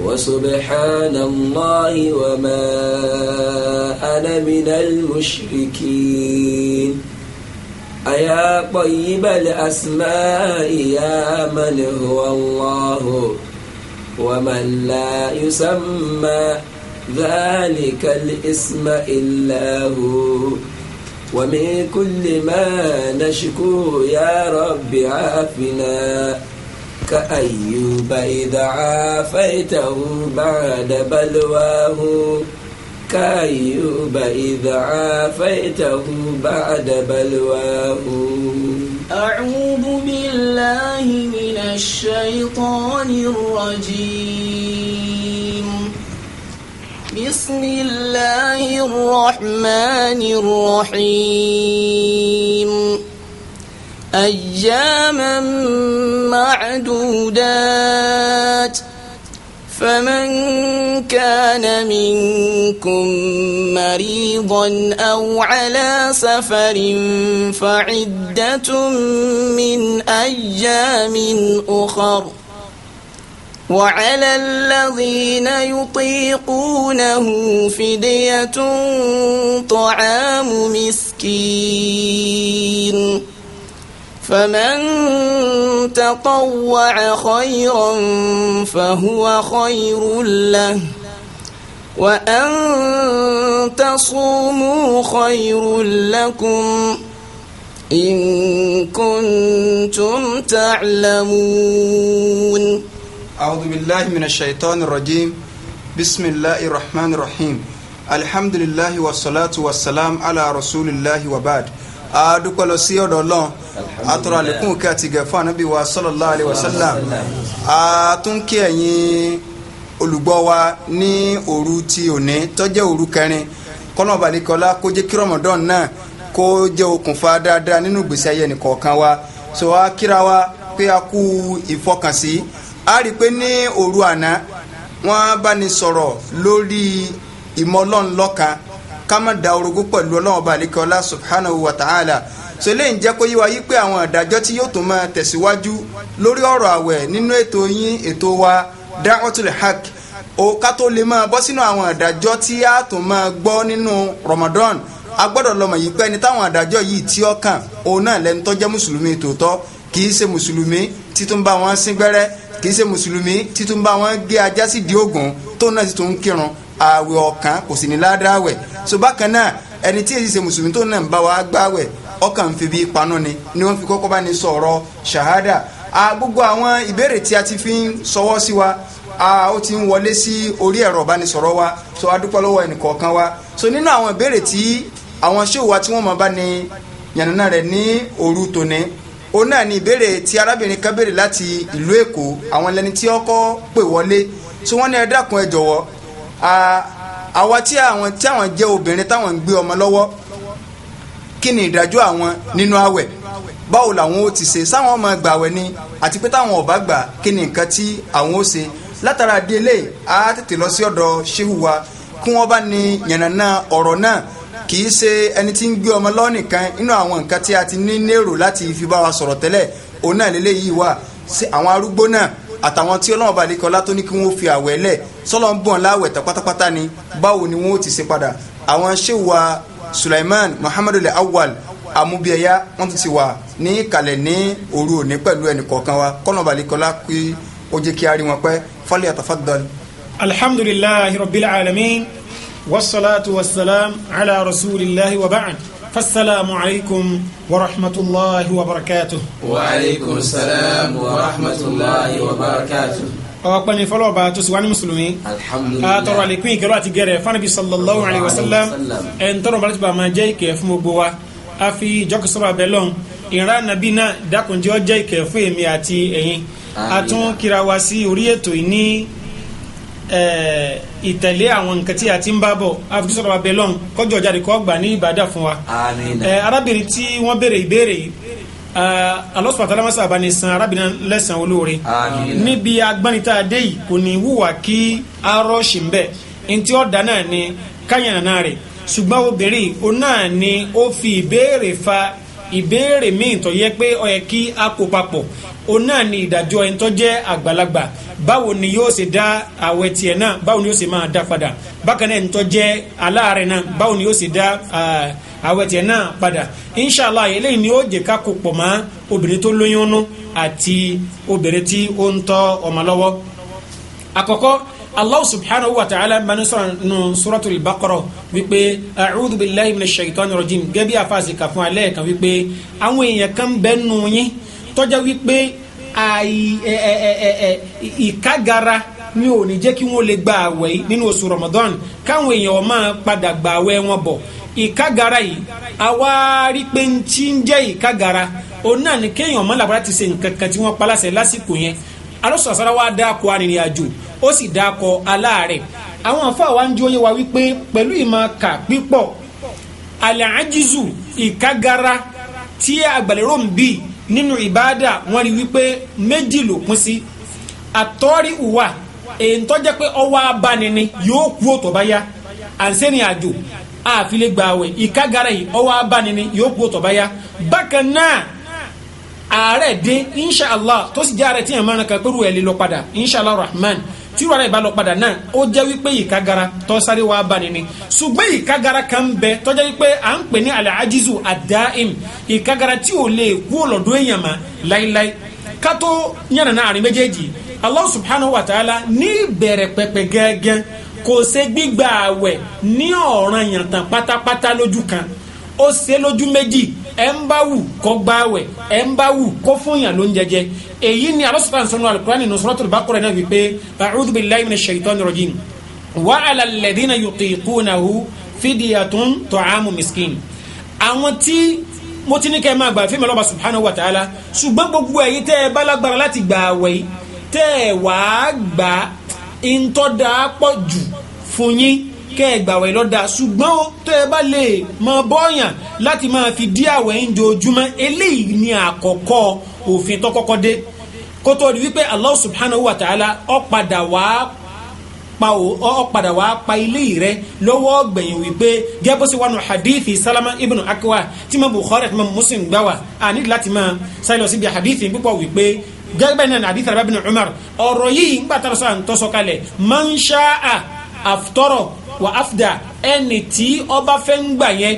وسبحان الله وما أنا من المشركين أيا طيب الأسماء يا من هو الله ومن لا يسمى ذلك الاسم إلا هو ومن كل ما نشكو يا رب عافنا كأيوب إذا عافيته بعد بلواه كأيوب إذا عافيته بعد بلواه أعوذ بالله من الشيطان الرجيم بسم الله الرحمن الرحيم أياما معدودات فمن كان منكم مريضا أو على سفر فعدة من أيام أخر وعلى الذين يطيقونه فدية طعام مسكين فمن تطوع خيرا فهو خير له وأن تصوموا خير لكم إن كنتم تعلمون أعوذ بالله من الشيطان الرجيم بسم الله الرحمن الرحيم الحمد لله والصلاة والسلام على رسول الله وبعد adúpẹ́ lọ sí ọ̀dọ̀ ọlọ́run atọ́rọ̀ àlékún kí fún ànábì wa sallallahu alaihi wasallam àtúnkí ẹ̀yin olùgbọ́ wa ní òru ti òní tó jẹ́ òru kẹrin kọ́nà balikọ́lá kó jẹ́ kí rọmọdán náà kó jẹ́ ayé ẹnìkọ̀ọ̀kan wa so akira wa pé a kú ìfọkànsí a rí i pé ní òru àná wọ́n lórí ìmọ̀ ọlọ́run kama má da orogún pẹ̀lú ọlọ́run ọba àlékọ́lá subhanahu wa ta'ala so eléyìí ń jẹ́ kó yí wa yí pé àwọn ìdájọ́ tí yóò tún máa tẹ̀síwájú lórí ọ̀rọ̀ àwẹ̀ nínú ètò yín ètò wa da'watul haq o ká tó lè máa bọ́ sínú àwọn ìdájọ́ tí a tún máa gbọ́ nínú Ramadan a gbọ́dọ̀ lọ́mọ yìí pé ẹni táwọn àdájọ́ yìí tí ó kàn òun náà lẹni tó jẹ́ mùsùlùmí tòótọ́ kì í ṣe mùsùlùmí títún bá wọn sín gbẹ́rẹ́ kì í ṣe mùsùlùmí títún bá wọn gé ajá di oògùn tóun náà sì tún kírun àwẹ̀ ọ̀kan kò sì ní ládàá wẹ̀ so bákan náà ẹni tí èyí ṣe mùsùlùmí tó náà ń bá wa gbààwẹ̀ ọkàn fi bí panu ni ni wọ́n fi kọ́kọ́ bá ní sọ̀rọ̀ ṣàhádà gbogbo àwọn ìbéèrè tí a ti fi ń sọwọ́ sí wa ó ti ń wọlé sí orí ẹ̀rọ ìbánisọ̀rọ̀ wa so a dúpẹ́ lọ́wọ́ ẹnìkọ̀ọ̀kan wa so nínú àwọn ìbéèrè tí àwọn ṣéwù wa tí wọ́n mọ̀ bá ní yànnà rẹ̀ ní òru tòní òun náà ni ìbéèrè tí arábìnrin kan béèrè láti ìlú èkó àwọn ẹlẹni tí ọkọ pè wọlé tí wọ́n ní ẹ dákun ẹ jọ̀wọ́ àwa tí àwọn tí àwọn jẹ́ obìnrin táwọn ń gbé ọmọ lọ́wọ́ kí ni ìdájọ́ àwọn nínú àwẹ̀ báwo làwọn ó ti ṣe sáwọn ọmọ gbàwẹ̀ ni àti pé táwọn ò gbà kí ni nǹkan tí àwọn ó ṣe látara délé a tètè lọ sí ọ̀dọ̀ ṣéhù wa kí wọ́n bá ní yànnàná ọ̀rọ̀ náà kì í ṣe ẹni tí ń gbé ọmọ lọ́wọ́ nìkan inú àwọn nǹkan tí a ti ní nérò láti fi bá wa sọ̀rọ̀ tẹ́lẹ̀ òun náà lélẹ́yìí wà sí àwọn arúgbó náà àtàwọn tí ọlọ́run bá lékọ́lá tó ní kí wọ́n fi àwẹ̀ lẹ̀ sọ́lọ́ ń bọ̀n láwẹ̀ tán pátápátá ni báwo ni wọ́n ti ṣe padà àwọn ṣèwà Sulaiman Muhammadu Awwal amúbíẹyà wọ́n ti wà ní kalẹ̀ ní òru òní pẹ̀lú ẹnì kọ̀ọ̀kan wa kọ́nà bá lékọ́lá pé ó jẹ́ kí a rí wọn pẹ́ falyatafaddal. alhamdulillahi rabbil alamin wasalaatu wasalaam ala rasulillahi wa ba'an. فالسلام عليكم ورحمة الله وبركاته وعليكم السلام ورحمة الله وبركاته ọpẹ́ ni fọlọ ọba tó sì wá ní mùsùlùmí àtọrọ àlékún ìkẹrọ àti gẹrẹ fanabi sallallahu alayhi wa sallam ẹn tọrọ balẹ tó bá máa jẹ ìkẹ́ fún gbogbo wa a fi ìjọkọsọrọ abẹ lọhùn ìran nàbí náà dákunjẹ ọjẹ ìkẹ́ fún èmi àti ẹ̀yin a tún kíra wa sí orí ètò yìí ní Eh, ìtẹ̀lé àwọn nǹkan tí a ti ń bá bọ̀ àfikún sọ̀rọ̀ abẹ lọ́hùn kọjọ́ jáde kọ́ gbà ní ìbàdàn fún wa. Eh, arábìnrin tí wọ́n béèrè ìbéèrè yìí alọ́sọ̀tà lámásá àbáni san arábìnrin lẹ́sàn olóore níbi agbanita adé yìí kò ní wùwà kí arọ́ọ̀ṣì ń bẹ̀ ntí ọ̀dà náà ni káyànnà rẹ̀ ṣùgbọ́n obìnrin òun náà ni ó fi ìbéèrè fa ìbéèrè míì tó yẹ pé ó yẹ kí a kó papọ̀ o náà ni ìdájọ́ ẹni tó jẹ́ àgbàlagbà báwo ni yóò ṣe dá àwẹ̀ tiẹ̀ náà báwo ni yóò ṣe máa dá padà bákan náà ẹni tó jẹ́ náà báwo ni yóò ṣe dá àwẹ̀ tiẹ̀ náà padà inshallah eléyìí ni ó jẹ́ ká kó pọ̀ mọ́ obìnrin tó lóyún nú àti obìnrin tí ó allah subhanahu wa ta'ala mani sọ̀rọ̀ nu suratul baqara wípé a'udhu billahi minash shaitanir rajim gẹ́bí àfàsì kà fún alẹ́ kan wípé àwọn èèyàn kan bẹ́ẹ̀ nù yín tọ́já wípé ìkágara mi ò ní jẹ́ kí wọ́n lè gba àwẹ̀ yìí nínú oṣù ramadan káwọn èèyàn máa padà gba àwẹ̀ wọn bọ̀ ìkágara yìí àwa rí pé ń tí ń jẹ́ ìkágara òun kéèyàn mọ́ làbúrà ti ṣe nǹkan kan tí wọ́n pa láṣẹ alọ́sọ̀sọ́ra wa dáko arìnrìnàjò ó sì dáko aláàrẹ̀ àwọn àfa wa ń jóye wa wípé pẹ̀lú ìmọ̀ kà pípọ̀ alàájízù ìkágara tí àgbàlérò ń bì nínú ìbáàdà wọn rí wípé méjì ló pín sí àtọ́rí ìwà èyí tó jẹ́ pé ọwọ́ abánini yóò kú òtò bá yá ànsẹ́rìn àjò àfilẹ́gbàwẹ̀ yìí ọwọ́ abánini yóò kú òtò bá yá bákan náà àárẹ̀ dé inshàlá tó sì jẹ́ àárẹ̀ tí yẹn mọ́ra kan pẹ̀lú ẹ̀ lè lọ padà inshàlá rahman tí ìrora ìbá lọ padà náà ó jẹ́ wípé ìkagara tó sáré wá bani ni ṣùgbọ́n ìkagara kan bẹ tó jẹ́ wípé à ń pè ní alaajizu adaim ìkagara tí ò lè kú ọ̀lọ́dún èèyàn mà láíláí ká tó yànnà náà àárín méjèèjì allah subhanahu wa ta'ala ní ìbẹ̀rẹ̀ pẹ̀pẹ̀ gẹ́gẹ́ kò ṣe gbígba àwẹ̀ ní ọ̀ranyàn tán pátápátá lójú kan ó ṣe lójú méjì ẹ̀ ń bá wù kó gbààwẹ̀ ẹ̀ ń bá wù kó fún yàn ló ń jẹjẹ èyí ni alọ́sọ̀tà ń sọnù alukurani nù suratul baqara náà wípé a'udhu billahi minash shaitanir rajim wa 'ala alladhina yutiqunahu fidyatun ta'amu miskin àwọn tí mo máa gbà fíìmù ọlọ́ba subhanahu wa ta'ala ṣùgbọ́n gbogbo èyí tẹ́ ẹ bá lágbára láti gbààwẹ̀ tẹ́ ẹ wàá gbà ń pọ̀ jù fún yín kẹ́ ẹ gbàwẹ̀ lọ́dà ṣùgbọ́n ó tẹ́ ẹ bá lè mọ bọ́ọ̀yàn láti máa fi dí àwẹ̀ ń jojúmọ́ eléyìí ni àkọ́kọ́ òfin tó kọ́kọ́ dé kó tó di wípé Allah subhanahu wa ta'ala ó wá pa o ó wá pa ilé rẹ lọ́wọ́ gbẹ̀yìn wípé gẹ́gbó sí wanu hadithi salama ibn akwa tí mo Bukhari tí mo Muslim gbà wá àní láti máa sáyẹn lọ síbi hadithi púpọ̀ wípé gẹ́gbẹ́ náà nàbí sàrẹ́bẹ́ bin Umar ọ̀rọ̀ yìí ń gbàtàrọ̀ sàn tó sọ kalẹ̀ man sha'a aftara wa afda ẹni tí ọba fẹ́ ń gbà yẹn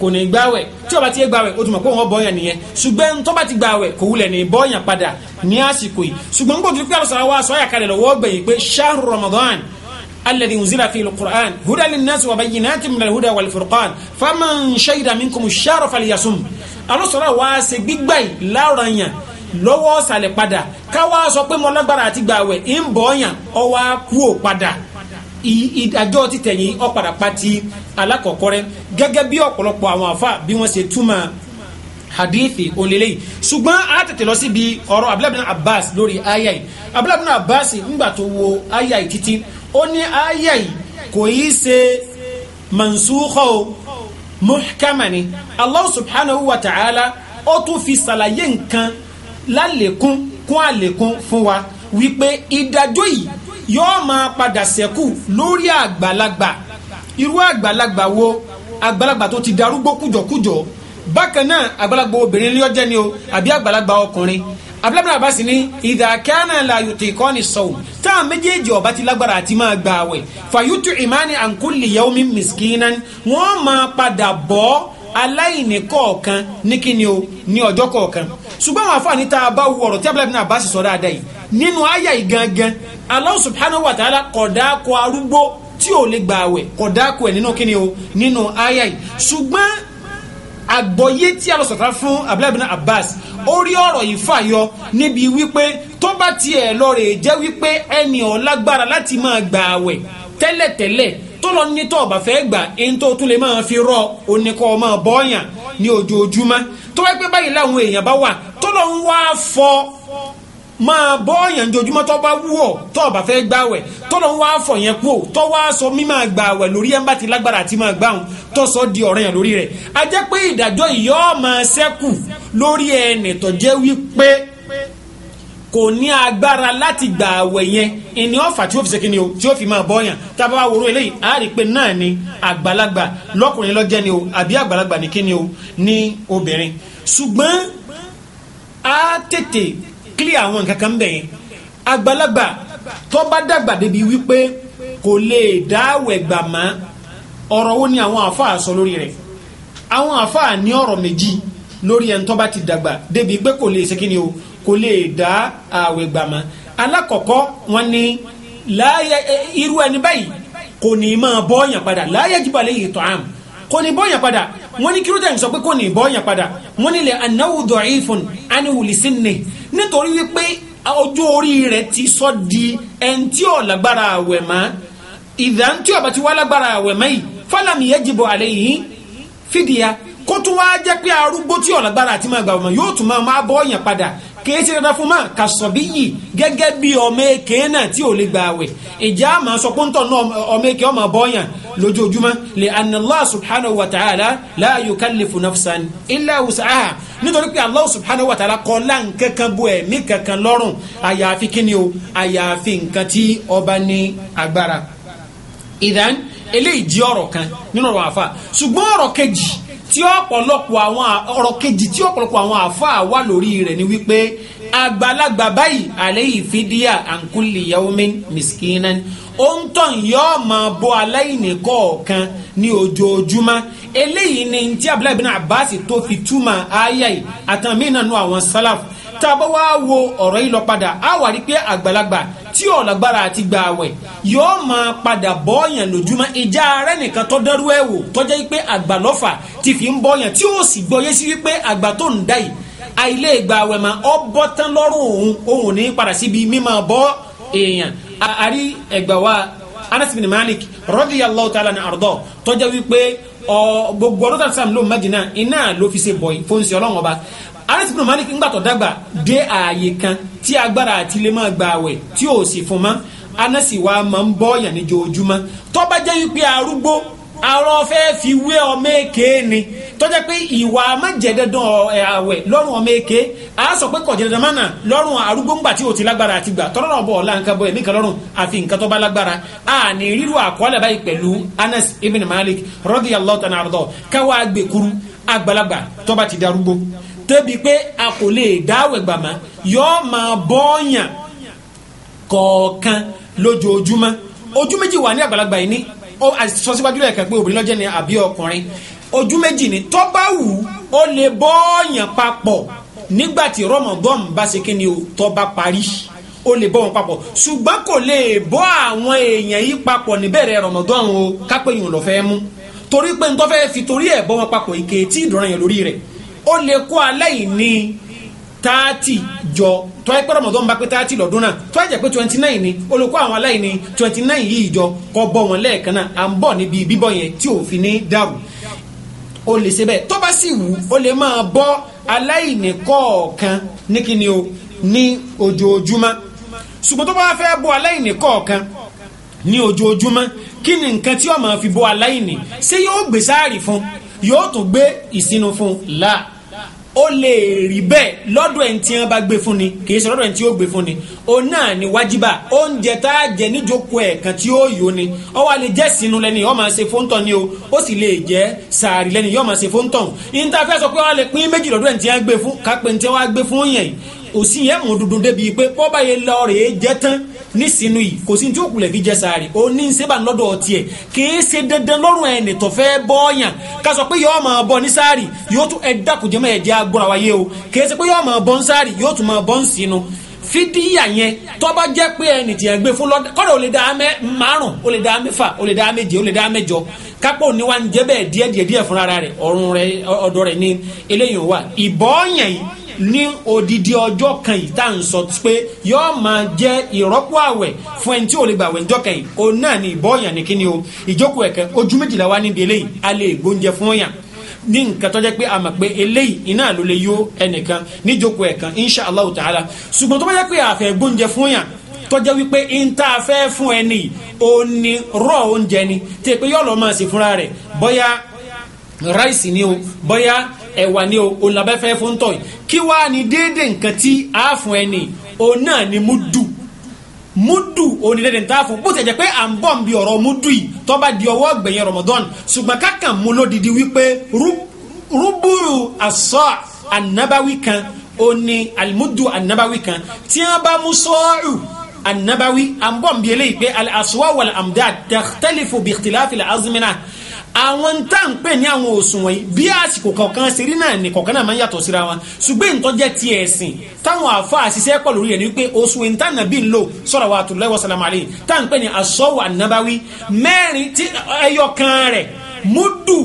kò ní gbàwẹ̀ tí ọba ti yẹ gbàwẹ̀ o tún mọ̀ pé òun bọ̀ọ̀yàn nìyẹn ṣùgbọ́n tọ́ba ti gbàwẹ̀ kò wulẹ̀ ní bọ̀ọ̀yàn padà ní àsìkò yìí ṣùgbọ́n gbọ́dọ̀ pé àlùsọ̀rọ̀ wa sọ́yà kalẹ̀ lọ́wọ́ gbẹ̀yìn pé shahru ramadan الذي أنزل فيه القرآن هدى للناس وبينات من الهدى والفرقان فمن شهد منكم الشهر فليصم àwọn sọ̀rọ̀ wa ṣe gbígbà yìí lára yàn lọ́wọ́ ṣàlẹ̀ padà káwa sọ pé mo ìdájọ́ ti tẹ̀yìn ọ̀padà pati alákọ̀ọ́kọ́ rẹ gẹ́gẹ́ bí ọ̀pọ̀lọpọ̀ àwọn àfa bí wọ́n ṣe túmọ̀ hadithi onlele yìí ṣùgbọ́n a tètè lọ síbi ọ̀rọ̀ abdulabdul abbas lórí aya yìí abdulabdul abbas ńgbà tó wo aya yìí títí ó ní aya yìí kò yí ṣe mansukho muhkama allah subhanahu wa ta'ala ó tún fi ṣàlàyé nǹkan lálẹ́kún kún àlékún fún wa wípé ìdájọ́ yìí yóò máa padà sẹ́kù lórí àgbàlagbà irú àgbàlagbà wo àgbàlagbà tó ti darúgbó kùjọkùjọ bákan náà àgbàlagbà obìnrin ni ó jẹ́ ni o àbí àgbàlagbà ọkùnrin abdulhamid abbas ni ìdàkánà la yòtìkọ́ ni sọ̀wù tá a méjèèjì ọba ti lágbára àti máa gba àwẹ̀ fàyútù ìmánì àǹkúlì yẹ́wọ́mí mìskínà wọ́n máa padà bọ́ aláìní kọ̀ọ̀kan ní kíni o ní ọjọ́ kọ̀ọ̀kan ṣùgbọ́n àwọn afáàní tá a bá wù ọ̀rọ̀ tí abdulhamid abbas sọ dáadáa yìí nínú àyà ìgangan Allah subhanahu wa ta'ala kọ̀dá kọ arúgbó tí ò lè gbà wẹ̀ kọ̀dá kọ ẹ̀ nínú kíni o nínú àyà yìí ṣùgbọ́n àgbọ̀yé tí a lọ sọ̀tà fún abúlébìnrin Abbas ó rí ọ̀rọ̀ yìí fàyọ níbi wípé tó bá tiẹ̀ lọ rè jẹ́ wípé ẹni ò lágbára láti máa gbà wẹ̀ tẹ́lẹ̀tẹ́lẹ̀ tó lọ ní tó bá fẹ́ gbà ẹni tó tún lè máa fi rọ oníkọ́ máa bọ́ọ̀yàn ní ojoojúmọ́ tó wáyé pé báyìí láwọn èèyàn bá wà tó lọ ń wá fọ́ máa bọ́ọ̀yàn jojúmọ́ tó bá wú ọ̀ tó o bá fẹ́ gbàwẹ̀ tọ́lọ́ ń wá fọ̀ yẹn kú ò tó wá sọ mí máa gbàwẹ̀ lórí ẹ̀ ń bá ti lágbára àti máa gbà wọn tó sọ di ọ̀ràn yẹn lórí rẹ̀ a jẹ́ pé ìdájọ́ yìí yóò máa ṣẹ́kù lórí ẹnì tó jẹ́ wípé kò ní agbára láti gbàwẹ̀ yẹn ìní ọ̀fà tí ó fi ṣe kíni o tí ó fi máa bọ́ọ̀yàn tábà wá wòró eléyìí a rí ni àgbàlagbà lọ́kùnrin lọ́jẹ́ ni o àbí ni kíni o ní clear àwọn nǹkan kan bẹ̀ yẹn àgbàlagbà tó bá dàgbà débi wípé kò lè dáwẹ̀ gbà mọ́ ọ̀rọ̀ wo ni àwọn àfáà sọ lórí rẹ̀ àwọn àfáà ní ọ̀rọ̀ méjì lórí ẹni tó bá ti dàgbà débi pé kò lè ṣe kí ni o kò lè dá àwẹ̀ gbà mọ́ alákọ̀ọ́kọ́ wọn ni láyé irú ẹni báyìí kò ní máa bọ́ọ̀yàn padà láyé jíbalẹ̀ yìí tọ́ àmì kò ní bọ́ọ̀yàn padà wọ́n ní kí ló dẹ̀ sọ pé kò ní bọ́ọ̀yàn padà wọ́n ní lè anáwó dọ̀ọ́yìn fún aníwùlì sínú nítorí wípé ọjọ́ orí rẹ̀ ti sọ di ẹni tí ò lágbára àwẹ̀ mọ́ ìdá tí ọba ti wá lágbára àwẹ̀ mọ́ yìí fálàmì yẹn jìbọ̀ àlẹ́ yìí fìdíya kó tún wá jẹ́ pé arúgbó tí ò àti máa gbà wọ́n yóò tún máa bọ́ ọ̀yàn padà kìí ṣe dandan fún ma ka sọ bí yìí gẹ́gẹ́ bí ọmọ èké náà tí ò lè gba àwẹ̀ ìjà àmà sọ pé ń tọ̀ náà ọmọ èké ọmọ bọ́yàn lójoojúmọ́ lè anna Allah subhanahu wa ta'ala la yukallifu nafsan illa wus'aha nítorí pé Allah subhanahu wa ta'ala kọ́ lá nkankan bu ẹ̀mí kankan lọ́rùn àyàfi kíni o àyàfi nkan tí ọba ní agbára ìdán eléyìí jí ọ̀rọ̀ kan nínú ọ̀rọ̀ àfa ṣùgbọ́n ọ̀rọ̀ kejì tí ọ̀pọ̀lọpọ̀ àwọn ọ̀rọ̀ kejì tí ọ̀pọ̀lọpọ̀ àwọn àáfàá wà lórí rẹ̀ ni wípé àgbàlagbà báyìí àlẹ́yìí fídíà àǹkúlì yaomi mìsíkínà ó ń tàn yóò máa bọ́ aláìní kọ̀ọ̀kan ní ojoojúmọ́ eléyìí ni tí abdullahi bin abbas tó fi túmọ̀ ayáyí àtàmínà nu àwọn sálàfù tá a bá wá wo ọ̀rọ̀ yìí lọ padà á wà rí pé àgbàlagbà tí ò lágbára àti gbà àwẹ̀ yóò máa padà bọ́ọ̀yàn lójúmọ́ ìjà ààrẹ nìkan tó dẹ́rú ẹ̀ wò tọ́jà yìí pé àgbà lọ́fà ti fi ń bọ́ọ̀yàn tí ó sì gbọ́yé sí wípé àgbà tó ń dá yìí àìlè gbà àwẹ̀ mà ọ́ bọ́ tán lọ́rùn òun òun ní padà síbi mímọ́ bọ́ èèyàn àárí ẹ̀gbà wa Anas bin Malik radiyallahu ta'ala ní àrùdọ́ tọ́jà wípé gbogbo ọdún tàbí sàm ló Madina iná ló fi ṣe bọ̀ fóun sí ọlọ́run ọba Anas ibn Malik ńgbà tó dàgbà dé ààyè kan tí agbára àti lè máa gba àwẹ̀ tí ò sì fún mọ́ Anasi wa máa ń bọ́ yàn níjoojúmọ́ tó jẹ́ wípé arúgbó arọ fẹ́ fi wé ọmọ èké ni tọ́jà pé ìwà amájẹ̀dẹ̀dàn àwẹ̀ lọ́rùn ọmọ èké a sọ pé kọ̀jẹ̀dẹ̀dàn mánà lọ́rùn arúgbó ńgbà tí o ti lágbára àti gbà tọ́lọ́rọ̀ bọ̀ ọ̀la nǹkan bọ̀ ẹ̀mí kan lọ́rùn àfi nǹkan tó bá lágbára a ní rírú àkọọ́lẹ̀ báyìí pẹ̀lú Anas ibn Malik radiyallahu ta'ala anhu káwá gbẹ̀kuru àgbàlagbà tó bá ti darúgbó débi pé a kò lè dáwẹ̀ gbàmà yọ́ọ́ máa bọ́ọ̀yàn kọ̀ọ̀kan lójoojúmọ́ ojú méjì wà ní àgbàlagbà yìí ní ó sọ síwájú pé obìnrin lọ́jẹ́ ni àbí ọkùnrin ojú méjì ni tó bá wù ó lè bọ́ọ̀yàn papọ̀ nígbà tí Ramadan bá ṣe kíni o tó bá parí ó lè bọ́ wọn papọ̀ ṣùgbọ́n kò lè bọ́ àwọn èèyàn yìí papọ̀ níbẹ̀rẹ̀ Ramadan o kápẹ́yìn ò lọ fẹ́ mú torí pé n fi torí ẹ̀ bọ́ wọn papọ̀ ìkè ìdúrà yẹn lórí rẹ̀ ó lè kó aláìní tààtì jọ tọ́ ẹ pé Ramadan bá pé tààtì lọ́dún náà tọ́ ẹ jẹ́ pé twenty nine ni olùkọ́ àwọn aláìní twenty nine yìí jọ kọ́ bọ́ wọn lẹ́ẹ̀kan náà à ń bọ̀ níbi bíbọ̀ yẹn tí òfin ní dàrú o lè ṣe bẹ́ẹ̀ tó bá sì wù o lè máa bọ́ aláìní kọ̀ọ̀kan ní kíni o ní ojoojúmọ́ ṣùgbọ́n tó bá fẹ́ bọ́ aláìní kọ̀ọ̀kan ní ojoojúmọ́ kí ni nǹkan tí ó máa fi bọ́ aláìní ṣé yóò gbé sáàrì fún yóò tún gbé ìsinú fún láà ó lè rí bẹ́ẹ̀ lọ́dọ̀ ẹni tí wọ́n bá gbé fún ni kì í ṣe lọ́dọ̀ ẹni tí ó gbé fún ni òun náà ni wájibà oúnjẹ tá a jẹ níjókòó ẹ̀ẹ̀kan tí ó yó ni ó wà lè jẹ́ sínú lẹ́ni yóò máa ṣe fóńtọ̀ ni o ó sì lè jẹ́ sàárì lẹ́ni yóò máa ṣe fóńtọ̀ yìí tá a fẹ́ sọ pé wọ́n lè pín méjì lọ́dọ̀ ẹni tí wọ́n gbé fún kápẹ́ ní tí wọ́n gbé fún yẹn òsì yẹn mú dundun débi pé kọ́ báyìí lọ́ọ̀rẹ́ jẹ́ tán nísìnyí yìí kò sí ní tí ó kulẹ̀ fi jẹ sáré ó ní sẹ́bà lọ́dọ̀ tiẹ̀ kìí ṣe dandan lọ́rùn ẹni tó fẹ́ bọ́ọ̀yàn ká sọ pé yọ́ọ́ máa bọ́ ní sáré yóò tún ẹ̀dá kò jẹ́ mọ́ ẹ̀jẹ̀ agbóra wáyé o kìí ṣe pé yọ́ọ́ máa bọ́ ní sáré yóò tún máa bọ́ ní sínú fídíà yẹn tó bá jẹ́ pé ẹni tí gbé fún lọ́dọ̀ kọ́dọ̀ ò lè dá mẹ́ márùn ó lè dá mẹ́fà ó lè dá méje ó lè dá mẹ́jọ kápò ní jẹ́ bẹ́ẹ̀ díẹ̀ díẹ̀ díẹ̀ fúnra rẹ̀ ọ̀run rẹ̀ ọ̀dọ̀ rẹ̀ ní eléyìí wà ìbọ́ọ̀yàn yìí ní odidi ọjọ́ kan yìí tá à ń sọ pé yọ́ọ́ máa jẹ́ ìrọ́pò àwẹ̀ fún ẹni tí ò lè gbà ọjọ́ kan yìí òun náà ni ìbọ̀ọ̀yàn ní kíni o ìjókòó ẹ̀kẹ́ ojú méjìlá wa níbi eléyìí a lè gbóúnjẹ fún ọ̀yàn ní nǹkan tó jẹ́ pé a mọ̀ pé eléyìí iná ló lè yó ẹnìkan níjókòó ẹ̀kan insha allah ta'ala ṣùgbọ́n tó bá jẹ́ pé àfẹ́ gbóúnjẹ fún ọ̀yàn tó jẹ́ wípé n tá a fẹ́ fún ẹni òní rọ̀ oúnjẹ ni tí èpè yọ̀ọ́ lọ́ máa ṣe fúnra rẹ̀ bọ́yá ráìsì ni o bọ́yá ẹ̀wà ni o òun làbẹ́ fẹ́ fún tọ̀ yìí kí wàá ní déédéé nǹkan tí a fún ẹ nì òun náà ni múdù múdù òun ni déédéé nǹkan a fún bó ti jẹ́ pé à ń bọ̀ nbí ọ̀rọ̀ múdù yìí tó bá di ọwọ́ gbẹ̀yìn Ramadan ṣùgbọ́n kákan mú lódìdí wípé rúbúrú àṣọ ànábáwí kan òun ni àlùmúdù ànábáwí kan tí wọ́n bá mú sọ́ọ̀rù ànábáwí à ń bọ̀ nbí eléyìí pé al-aswa wal-amdad takhtalifu bi àwọn tá à ń pè ní àwọn òṣùwọ̀n yìí bí àsìkò kọ̀ọ̀kan ṣe rí náà ní kọ̀ọ̀kan náà máa ń yàtọ̀ síra wọn ṣùgbọ́n nǹkan jẹ́ ti ẹ̀sìn táwọn àfa àṣìṣe pọ̀ lórí ẹ̀ ní pé òṣùwọ̀n tá nàbí ń sọ̀rọ̀ wa àtúntò lẹ́wọ̀ sàlámù àlẹ́ tá à ń pè ní asọ́wọ̀ ànábáwí mẹ́rin tí ẹyọ kan rẹ̀ múdù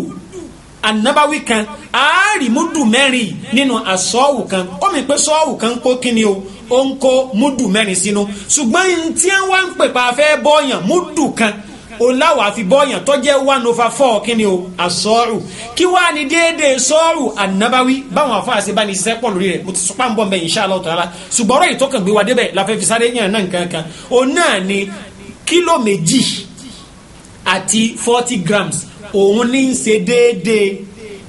ànábáwí kan àárí múdù mẹ́rin nínú asọ́wọ̀ kan ó mi pé sọ́wọ̀ kan kó kíni o ó ń kó múdù mẹ́rin sínú ṣùgbọ́n tí wọ́n ń pè pa afẹ́ bọ́ọ̀yàn múdù kan oláwà fi bọ́ọ̀yàn tọ́jẹ́ one over four kíni o àsọ́ọ̀rù kí wàá ní déédéé sọ́ọ̀rù ànábáwí báwọn afáàṣẹ bá ní iṣẹ́ pọ̀ lórí rẹ̀ mo ti sọ páńbọ̀ mbẹ́ insha Allah ta'ala ṣùgbọ́n ọ̀rọ̀ ìtọ́kàn gbé wa débẹ̀ la fẹ́ fi sáré yàn náà nǹkan kan náà ni kílò méjì àti forty grams òun ní ń ṣe déédéé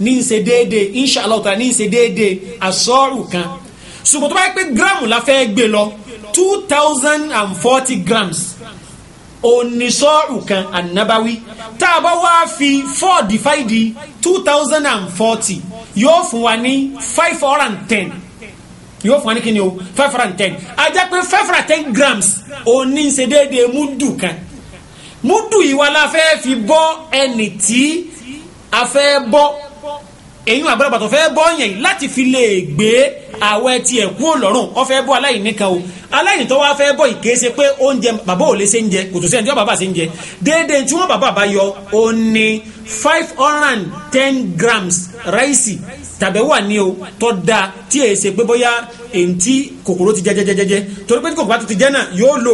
ní ń ṣe déédéé insha Allah ta'ala ní ń ṣe déédéé àsọ́ọ̀rù kan ṣùgbọ́n tó bá yẹ pé gíráàmù la fẹ́ gbé lọ two thousand and forty grams onisọ́ọ̀rù kan ànábáwí tá a bá wá fi four divide two thousand and forty yóò fún wa ní five hundred and ten yóò fún wa ní kíni o five hundred and ten ajá pé five hundred and ten grams òní ń ṣe déédéé múdù kan múdù yìí wa la fẹ́ fi bọ́ ẹni tí a fẹ́ bọ́ èyí àgbàlagbà tó fẹ́ bọ́ yẹn láti fi lè gbé àwẹ̀ tiẹ̀ kú òlọ́rùn ó fẹ́ bọ́ aláìní kan o aláìní tó wá fẹ́ bọ́ ìkéṣe pé oúnjẹ bàbá ò lè ṣe ń jẹ kò tó sẹ́ni tí wọ́n bàbá ṣe ń jẹ déédéé tí wọ́n bàbá bá yọ ó ní five hundred and ten grams ráìsì tàbí wà ní o tó da tí èyí ṣe pé bóyá èyí tí kòkòrò ti jẹjẹjẹjẹjẹ torí pé tí kòkòrò ti jẹ náà yóò lo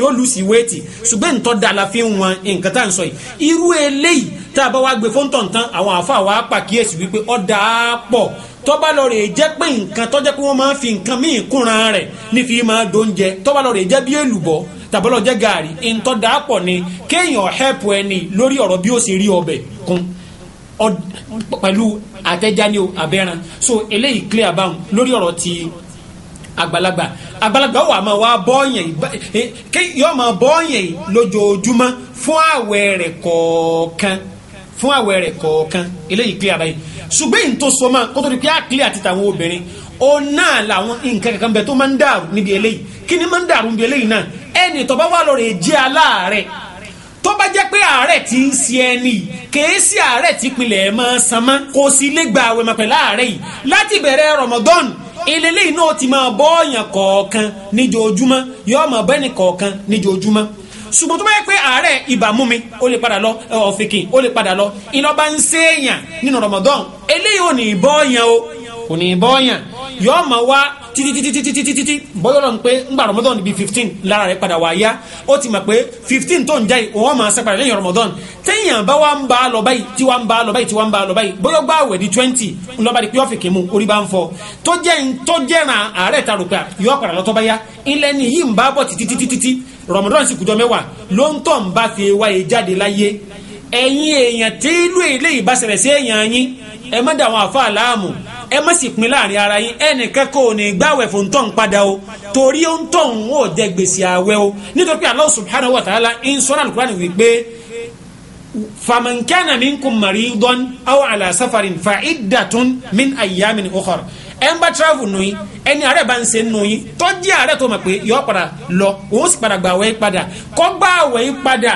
yóò lù sí wéètì ṣùgbọ́n ntọ́ da la fi ń wọn nǹkan tá à ń sọ yìí irú eléyìí tá a bá wá gbé fóńtọ̀ntàn àwọn àfa wa pàkíyèsí wípé ó dáa pọ̀ tọ́ba lọ rè jẹ́ pé nǹkan tọ́jẹ́ pé wọ́n máa fi nǹkan míì kúnra rẹ̀ nífi máa dóúnjẹ tọ́ba lọ rè jẹ́ bí èlùbọ́ tàbọ́lọ́ jẹ́ gààrí ntọ́ dàápọ̀ ni kéèyàn hẹ́pù ẹni lórí ọ̀rọ̀ bí ó sì rí ọbẹ̀ kún pẹ̀lú àtẹ́jáni o so eléyìí clear báwọn lórí ọ̀rọ̀ ti àgbàlagbà àgbàlagbà wà máa wá bọ́ọ̀yàn yìí yọ máa bọ́ọ̀yàn yìí lójoojúmọ́ fún àwẹ̀ rẹ̀ kọ̀ọ̀kan fún àwẹ̀ rẹ̀ kọ̀ọ̀kan eléyìí clear báyìí ṣùgbọ́n èyí tó so máa kó tó di pé á clear àti tàwọn obìnrin ó náà làwọn nǹkan kankan bẹ tó máa ń dàrú níbi eléyìí kí ni máa ń dàrú níbi eléyìí náà ẹni tó bá wà lọ rè jẹ́ aláàárẹ̀ tó bá jẹ́ pé àárẹ̀ ti ń ṣe ẹni kèé sí àárẹ̀ ti pinlẹ̀ ẹ̀ máa san mọ́ kò sí lè gba àwẹ̀ mọ̀pẹ̀ láàárẹ̀ yìí láti bẹ̀rẹ̀ Ramadan eléyìí náà ti máa bọ́ ọ̀yàn kọ̀ọ̀kan níjoojúmọ́ yóò máa ṣùgbọ́n tó bá yẹ pé àárẹ̀ ìbámu mi ó lè padà lọ ọ̀fìnkì ó lè padà lọ iná bá ń ṣe èèyàn nínú Ramadan eléyìí ò ní bọ́ yẹn o kò ní bọ́ yẹn yọọ ma wá títítítítítítítí bọ́yọ̀ lọ́n pé ńgbà Ramadan bíi fifteen lára rẹ̀ padà wá yá ó ti mọ̀ pé fifteen tó ń jẹ́ òun ọmọ asẹ́pàdé lẹ́yìn Ramadan téèyàn bá wá ń bá a lọ báyìí tí wá ń bá a lọ báyìí tí wá ń bá a lọ báyìí bọ́yọ̀ gbà wẹ̀ di twenty ńlọ́ba di pé ọ̀fìn kìímù orí bá ń fọ tó jẹ́ ń tó jẹ́ràn àárẹ̀ ta rògbà yọ padà lọ́tọ́ bá yá ilẹ̀ ni yìí ń bá bọ̀ títítítítí rọmọdọ́n sì kùjọ mẹ́wàá ló ń tọ̀ ń bá fi wá yìí jáde láyé ẹ̀yin èèyàn tí ìlú eléyìí bá ṣẹlẹ̀ sí èèyàn yín ẹ má dà wọn àfa àláàmù ẹ má sì pin láàrin ara yín ẹnìkan kò ní gbàwẹ̀ fún tọ̀ ń padà o torí ó ń tọ̀ ń wò jẹ gbèsè àwẹ̀ o nítorí pé Allah subhanahu wa ta'ala ń sọ́nà Al-Qur'an wípé faman kana minkum aw ala safarin fa iddatun min ayyamin ukhra ẹ bá travel nù yín ẹni àárẹ̀ bá ń ṣe nù yín tọ́jú àárẹ̀ tó mọ̀ pé yọ padà lọ òun sì padà gbàwẹ̀ padà kọ́ gbà àwẹ̀ yín padà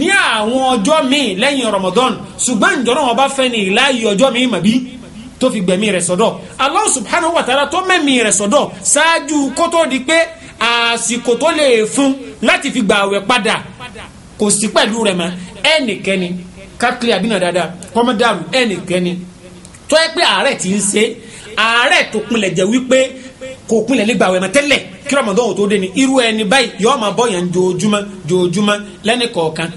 ní àwọn ọjọ́ míì lẹ́yìn Ramadan ṣùgbọ́n ìjọba wọn bá fẹ́ ní ìláyé ọjọ́ míì màbí tó fi gbẹ̀mí rẹ̀ sọ́dọ̀ Allah subhanahu wa ta'ala tó mẹ́mí rẹ̀ sọ́dọ̀ ṣáájú kótó di pé àsìkò tó lè fún láti fi gbàwẹ̀ padà kò sí pẹ̀lú rẹ̀ mọ́ ẹnikẹ́ni kákìlì àbínà dáadáa kọ́mọ́dàrú ẹnikẹ́ni tó yẹ pé àárẹ̀ ti ń ṣe é àárẹ̀ tó pinlẹ̀ jẹ́ wípé kò pinlẹ̀ lè gbàwẹ̀ mọ́ tẹ́lẹ̀ kí rọmọdún tó dé ni irú ẹni báyìí yóò máa bọ̀ yẹn jòjúmọ́ jòjúmọ́ lẹ́ni kọ̀ọ̀kan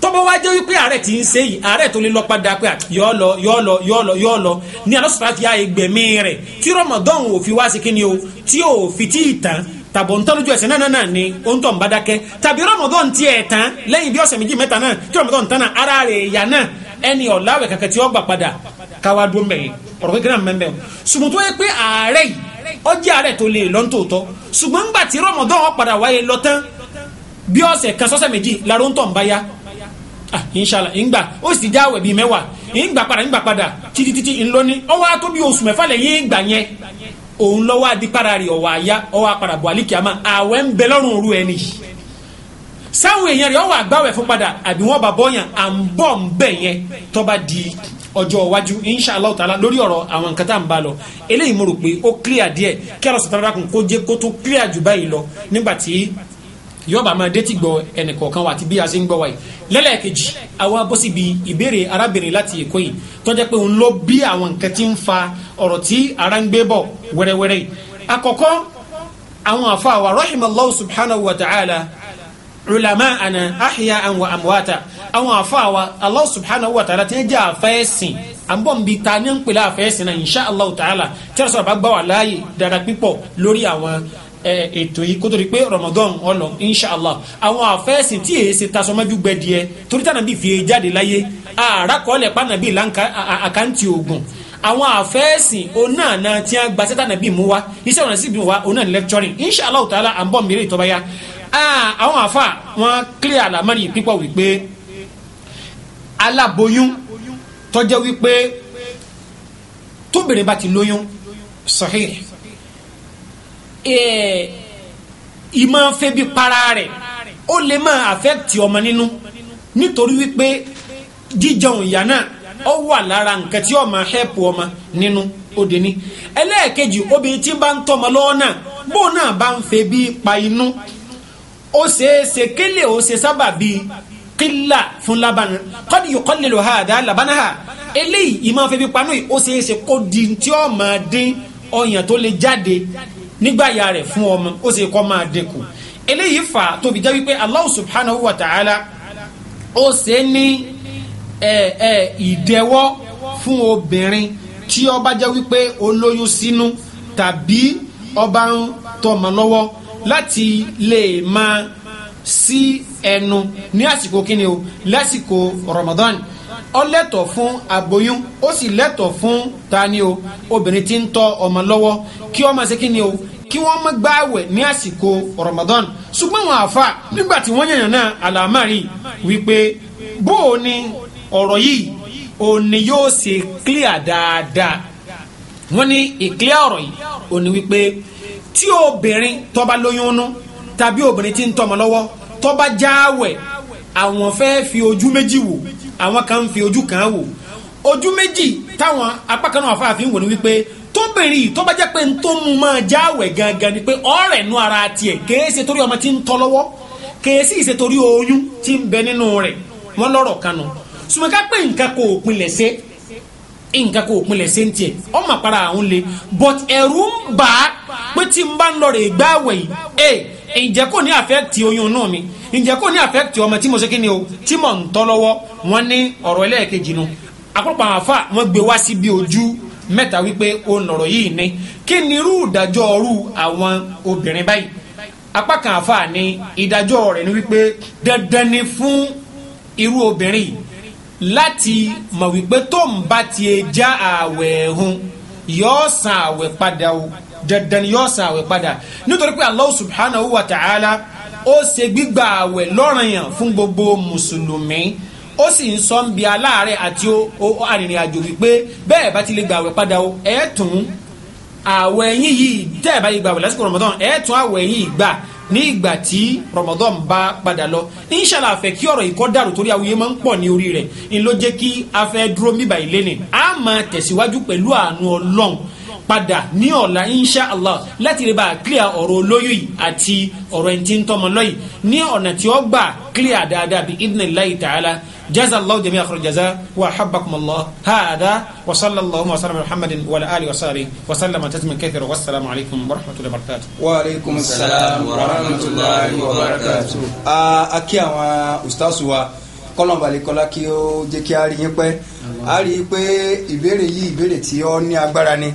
tọ́bọ̀ wá jẹ́ wípé àárẹ̀ ti ń ṣe yìí àárẹ̀ tó lè lọ padà pé yọ lọ yọ lọ yọ lọ yọ lọ ní alọ́sọ̀rọ̀ àti àìgbẹ̀mí rẹ̀ tí ò fi wá sí kí ni o tí ò fi tí ì tán tàbọ̀ ntọ́lójú ẹ̀sìn náà náà ni ohun tó ń bá dákẹ́ tàbí rọmọdún tiẹ̀ tán lẹ́yìn bí ọ̀sẹ̀ méjì mẹ́ta náà tí rọmọdún tán náà ara rẹ̀ yà náà ẹni ọ̀làwẹ̀ kankan tí ó gbà padà káwá dó mẹ́yìn ọ̀rọ̀ kékeré àmì mẹ́mbẹ́ o ṣùgbọ́n tó yẹ pé ààrẹ yìí ọjẹ́ ààrẹ tó lè lọ́n tòótọ́ ṣùgbọ́n ńgbà tí rọmọdán wọn wáyé lọ tán bí ọ̀sẹ̀ kan sọ́sẹ̀ méjì láró ń ń bá yá ah inshala ìgbà ó sì já àwẹ̀ bíi mẹ́wàá ìgbà padà ìgbà padà títí títí ńlọni ọwọ́ ató bí oṣù mẹ́fà lẹ́yìn ìgbà yẹn òun lọ́wọ́ adipara rẹ̀ ọ̀wọ́ àyá ọwọ́ apara bọ̀ àlìkíyàmá àwẹ̀ ń bẹ lọ́rùn òru ẹni yìí sáwọn èèyàn rẹ̀ ọwọ́ àgbáwẹ̀ fún padà àbí wọ́n bá bọ́yàn à ń bọ̀ ń bẹ̀ yẹn tó di ọjọ́ iwájú inshallah ta'ala lórí ọ̀rọ̀ àwọn nǹkan tá à ń bá lọ eléyìí mo rò pé ó clear díẹ̀ kí alọ́ sọ̀tàn dákun kó jẹ́ kó tó clear jù báyìí lọ nígbà tí yọba máa dé ti gbọ́ ẹnìkọ̀ọ̀kan wa àti bí a ṣe ń gbọ́ wa yìí lẹ́lẹ́kejì àwa bó sì bi ìbéèrè arábìnrin láti èkó yìí tó jẹ́ pé òun ló bí àwọn nǹkan tí ń fa ọ̀rọ̀ tí ara ń gbé bọ̀ wẹ́rẹ́wẹ́rẹ́ yìí àkọ́kọ́ àwọn àfa wa rahimallahu subhanahu wa ta'ala ulama ana ahya an wa amwata àwọn afa wa allah subhanahu wa ta'ala tin ja afesin an bo nbi ta ni npele afesin na insha allah ta'ala tí ó sọ bá gbà wá láàyè dára pípọ̀ lórí àwọn ètò yìí kó tó di pé ramadan ọlọ insha allah àwọn afẹ́sìn tí èyí ṣe tasọmọ́jú gbẹdìẹ torí tí ànábì fi jáde láyé àràkọọ́lẹ̀ pànàbì lanka àkáǹtì oògùn àwọn àfẹ́sìn ọ̀nà náà tí a gba sẹ́tà nàbí mú wa iṣẹ́ ọ̀nà sí ibi wa ọ̀nà lecturing inshallah ta'ala à mìíràn ìtọ́ba Ah, àwọn àfa wọn clear àlámọ́rì pípọ̀ wípé aláboyún tọ́jẹ́ wípé tóbìnrin bá ti lóyún sahih eh, ìmọ̀ fẹ́bi para rẹ̀ ó lè máa àfẹ́tì ọmọ nínú nítorí wípé jíjẹun ìyá náà ó wà lára nǹkan tí ọmọ hẹ́pù ọmọ nínú òde ní ẹlẹ́ẹ̀kejì obìnrin tí bá ń tọmọ lọ́wọ́ náà bóun náà bá ń fẹ́ bí pa inú ó ṣeéṣe kélé ó ṣe sábàbí kílà fún laban kọ́ni yóò kọ́ni lò ha àdá labana ha eléyìí ìmọ̀ fẹ́bi panu yìí ó ṣeéṣe kó di tí ó máa dín ọyàn tó lè jáde nígbà ya rẹ̀ fún ọmọ ó ṣe kó máa dín kù eléyìí fà tóbi jẹ́ wípé Allah subhanahu wa ta'ala ó ṣe ní ìdẹ́wọ́ fún obìnrin tí ọba bá jẹ́ wípé olóyún sínú tàbí ó bá ń tọ́mọ lọ́wọ́ láti lè máa sí ẹnu ní àsìkò kíni o lásìkò Ramadan ó lẹ́tọ̀ fún aboyún ó sì lẹ́tọ̀ fún tani o obìnrin tí ń tọ́ ọmọ lọ́wọ́ kí ó ṣe kíni o kí wọ́n má gbààwẹ̀ ní àsìkò Ramadan ṣùgbọ́n àwọn àfa nígbà tí wọ́n yànnà àlàmárì wípé bó o ní ọ̀rọ̀ yìí òní yóò ṣe clear dáadáa wọ́n ní ìkílẹ̀ ọ̀rọ̀ yìí ò ní wípé tí obìnrin tó bá lóyún nú tàbí obìnrin tí ń tọ́mọ lọ́wọ́ tó bá jáwẹ̀ àwọn fẹ́ fi ojú méjì wò àwọn kan ń fi ojú kan wò ojú méjì táwọn apá kan náà wà fáàfin wò ni wípé tóbìnrin yìí tó jẹ́ pé ń tó mu máa jáwẹ̀ gangan ni pé ọ̀rẹ́ nu ara tiẹ̀ kèé ṣe torí ọmọ tí ń tọ́ lọ́wọ́ kèé sì ṣe torí oyún tí ń bẹ nínú rẹ̀ wọ́n lọ́rọ̀ kanu sùmọ́ká pé nǹkan kò pinlẹ̀ ṣe nǹkan kò pinlẹ̀ ṣe ń tiẹ̀ ọmọ àpárá àwọn le but ẹ̀rù ń bà á pé tí n bá ń lọ rè gbá àwẹ̀ yìí ẹ̀ ǹjẹ́ kò ní àfẹ́ẹ̀tì oyún náà mi ǹjẹ́ kò ní àfẹ́ẹ̀tì ọmọ tí mo ṣe kí ni o tí mò ń tọ́ lọ́wọ́ wọn ní ọ̀rọ̀ ẹlẹ́ẹ̀kejì nu àpọ̀pọ̀ àwọn afa wọn gbé wá sí bí ojú mẹ́ta wípé ó nọ̀rọ̀ yìí ni kí ni irú ìdájọ́ ọrú àwọn obìnrin báyìí apá kan àfa ni ìdájọ́ rẹ̀ ni wípé dandan ni fún irú obìnrin yìí láti mọ̀ wípé tó ń bá tiẹ̀ e já ààwẹ̀ hun yóò san ààwẹ̀ padà o dandan yóò san ààwẹ̀ padà nítorí pé Allah subhanahu wa ta'ala ó ṣe gbígba ààwẹ̀ lọ́ranyàn fún gbogbo mùsùlùmí ó sì ń sọ ń bi aláàárẹ̀ àti arìnrìn àjò wípé bẹ́ẹ̀ bá ti lè gbààwẹ̀ padà o ẹ̀ tún ààwẹ̀ yín yìí tẹ́ẹ̀ bá yìí gbààwẹ̀ lásìkò Ramadan ẹ̀ tún ààwẹ̀ yín gbà ní ìgbà tí Ramadan bá padà lọ inshallah a fẹ́ kí ọ̀rọ̀ yìí dàrú torí awuyé máa ń pọ̀ ní orí rẹ̀ ni ló jẹ́ kí a fẹ́ dúró mí báyìí lẹ́nìí a máa tẹ̀síwájú pẹ̀lú àánú Ọlọ́run padà ní ọ̀la insha allah láti lè bá a clear ọ̀rọ̀ olóyún yìí àti ọ̀rọ̀ ẹni tí ń tọ́mọ lọ́yìn ní ọ̀nà tí ó gbà clear dáadáa bí idhnillahi ta'ala jaza allah jami'a khair jaza wa habbakum allah hadha wa sallallahu wa sallam muhammadin wa ala alihi wa sahbihi wa sallama tasliman kathira wa assalamu alaykum wa rahmatullahi wa barakatuh. wa alaykum assalam wa rahmatullahi wa barakatuh. a kí àwọn ustaasu wa kọlọ̀nbalẹ̀ kọlá kí ó jẹ́ kí a rí yín pẹ́ a rí i pé ìbéèrè yìí ìbéèrè tí ó ní agbára ni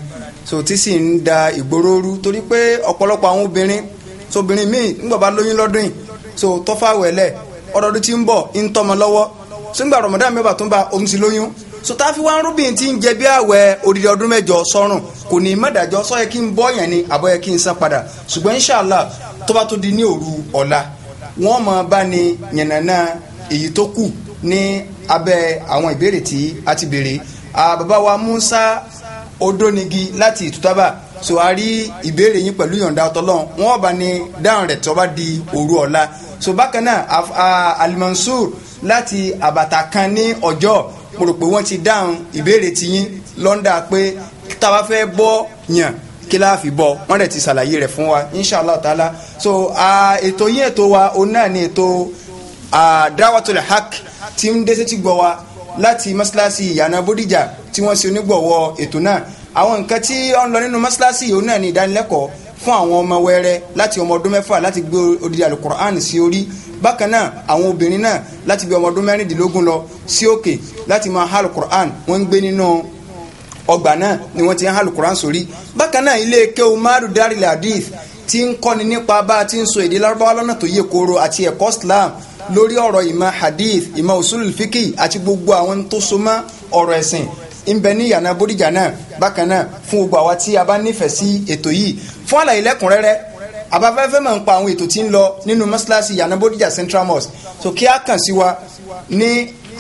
so tí sì ń da ìgboro rú torí pé ọ̀pọ̀lọpọ̀ àwọn obìnrin so obìnrin míì nígbà bá lóyún lọ́dún yìí so tó fà wẹ̀lẹ̀ ọdọọdún tí ń bọ̀ ń tọ́mọ lọ́wọ́ so nígbà Ramadan mẹ́wàá tó ń ba òun ti lóyún so tá a fi wá ń rúbìn tí ń jẹ bí àwẹ̀ odidi ọdún mẹ́jọ sọ́rùn kò ní mọ́dàjọ́ sọ yẹ kí n bọ́ yẹn ni àbọ̀ yẹ kí n san padà ṣùgbọ́n inṣàlá tó bá tó di ní òru ọ̀la wọ́n mọ bá ní yànnàná èyí tó kù ní abẹ́ àwọn ìbéèrè tí a ti béèrè bàbá wa Musa odónigi láti ìtútàbà so a rí ìbéèrè yín pẹ̀lú yọ̀ǹda ọtọlọ́run wọn bá ní dáhùn rẹ̀ tó di òru ọ̀la so bákan náà Al-Mansur láti àbàtà kan ní ọjọ́ mo rò pé wọ́n ti dáhùn ìbéèrè tiyín lọ́ńdà pé tá a bá fẹ́ bọ́ yàn kíláàfì bọ wọn rẹ ti ṣàlàyé rẹ fún wa inshallah taala so ètò yín ètò wa òun náà ni ètò Da'watul Haqq tí ń dé sétí gbọ́ wa láti mọ́ṣáláṣí ìyànà bódìjà tí wọ́n ṣe onígbọ̀wọ́ ètò náà àwọn nǹkan tí ó ń lọ nínú mọ́ṣáláṣí òun náà ní ìdánilẹ́kọ̀ọ́ fún àwọn ọmọ wẹrẹ láti ọmọ ọdún mẹ́fà láti gbé odidi alukur'an sí orí bákan náà àwọn obìnrin náà láti bí ọmọ ọdún mẹ́rìndínlógún lọ sí òkè láti máa há alukur'an wọ́n ń gbé nínú ọgbà náà ni wọ́n ti ń há alukur'an sórí bákan náà ilé kéwú maru daril hadith ti ń kọ́ni nípa bá a ti ń sọ èdè lárúbáwá lọ́nà tó yẹ kóró àti ẹ̀kọ́ Islam lórí ọ̀rọ̀ ìmọ̀ hadith ìmọ̀ usulul fiki àti gbogbo àwọn tó so mọ́ ọ̀rọ̀ ẹ̀sìn ń bẹ ní yàrá bódìjà náà bákan náà fún gbogbo àwa tí a bá nífẹ̀ẹ́ sí ètò yìí fún àlàyé lẹ́kùnrẹ́rẹ́ àbáfẹ́fẹ́ máa ń pa àwọn ètò tí ń lọ nínú mọ́ṣáláṣí yàrá bódìjà central mosque so kí a kàn sí wa ní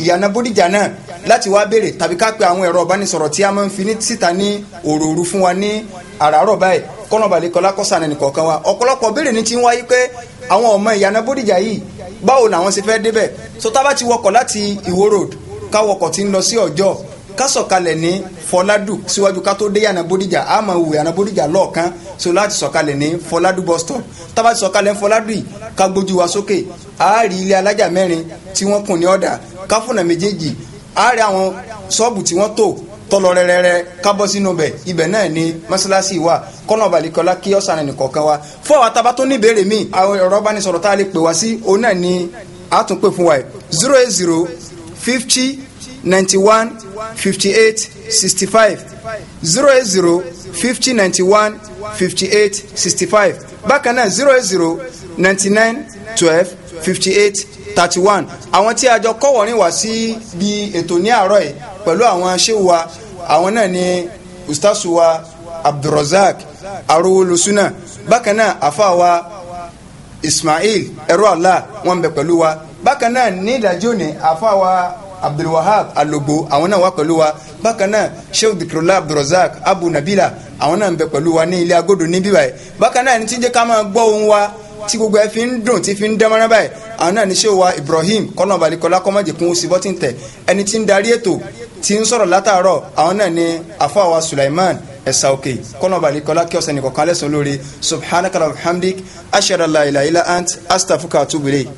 ìyànà bódìjà náà láti wá béèrè tàbí ká pe àwọn ẹ̀rọ ìbánisọ̀rọ̀ tí a máa ń fi ní síta ní òròòru fún wa ní àràárọ̀ báyìí kọ́nà balẹ̀ kọ́lá kọ́sàn ẹnì kọ̀ọ̀kan wa ọ̀pọ̀lọpọ̀ béèrè ní ti ń wáyé pé àwọn ọmọ ìyànà bódìjà yìí báwo làwọn ṣe fẹ́ débẹ̀ so tá a bá ti wọkọ̀ láti Ìwó road ká wọkọ̀ tí ń lọ sí ọjọ́ ká sọ̀kalẹ̀ ní fọládù síwájú ká tó dé yànà bódìjà a máa wù yànà bódìjà lọ́ọ̀kan so láti sọ̀kalẹ̀ ní fọládù bus stop tá a bá ti sọ̀kalẹ̀ ní fọládù yìí ká gbójú wa sókè a rí ilé alájà mẹ́rin tí wọ́n kùn ní ọ̀dà ká fúnà méjèèjì a rí àwọn ṣọ́ọ̀bù tí wọ́n tò tọlọ rẹrẹrẹ kábọ sínú bẹ ibẹ̀ náà ni mọ́sálásí wa kọnà balikọla kí ọsàn ẹnì kọ̀ọ̀kan wa fún àwọn taba tó ní ìbéèrè míì àwọn ẹ̀rọ bá ní pè wá sí òun náà ni a tún pè fún wa yìí zero eight zero fifty ninety one fifty eight sixty five zero eight zero fifty ninety one fifty eight sixty five bákan náà zero eight zero ninety nine twelve fifty eight thirty one àwọn tí a jọ kọ́wọ̀ọ́rìn wá sí bí ètò ní àárọ̀ yìí pẹ̀lú àwọn aṣẹ́wó wa àwọn náà ni ustasuwa abdulrozak arúwolosuna bákan náà àfàwà ismail ẹrú allah wọn bẹ pẹ̀lú wa bákan náà ní ìdájí òní àfàwà abdulwahab alogbo àwọn náà wà pẹ̀lú wa bákan náà sheikh dikrola abdulrozak abu nabila àwọn náà ń bẹ pẹ̀lú wa ní ilé agodo níbí báyìí bákan náà ní tíjẹ́ ká máa gbọ́ ohùn wa tí gbogbo ẹ fi ń dùn tí fi ń dánmọ́rán báyìí àwọn náà ní ṣé wa Ibrahim kọ́nà balikọ́lá kọ́mọ́jì kún sí bọ́tì tẹ̀ ẹni tí ń darí ètò tí ń sọ̀rọ̀ látàárọ̀ àwọn náà ní afáwa Sulaiman ẹ̀sà òkè kọ́nà balikọ́lá kí ọ̀sẹ̀ nìkọ̀kan lẹ́sàn lórí subhanakala hamdik ashadala ilaila ant astafuka tubule.